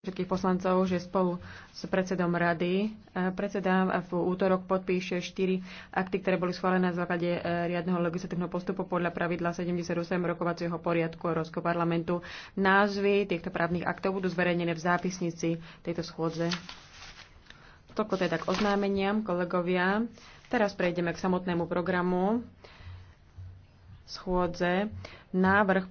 všetkých poslancov, že spolu s predsedom rady e, predseda v útorok podpíše štyri akty, ktoré boli schválené na základe e, riadneho legislatívneho postupu podľa pravidla 78 rokovacieho poriadku Európskeho parlamentu. Názvy týchto právnych aktov budú zverejnené v zápisnici tejto schôdze. Toľko teda k oznámeniam, kolegovia. Teraz prejdeme k samotnému programu schôdze. Návrh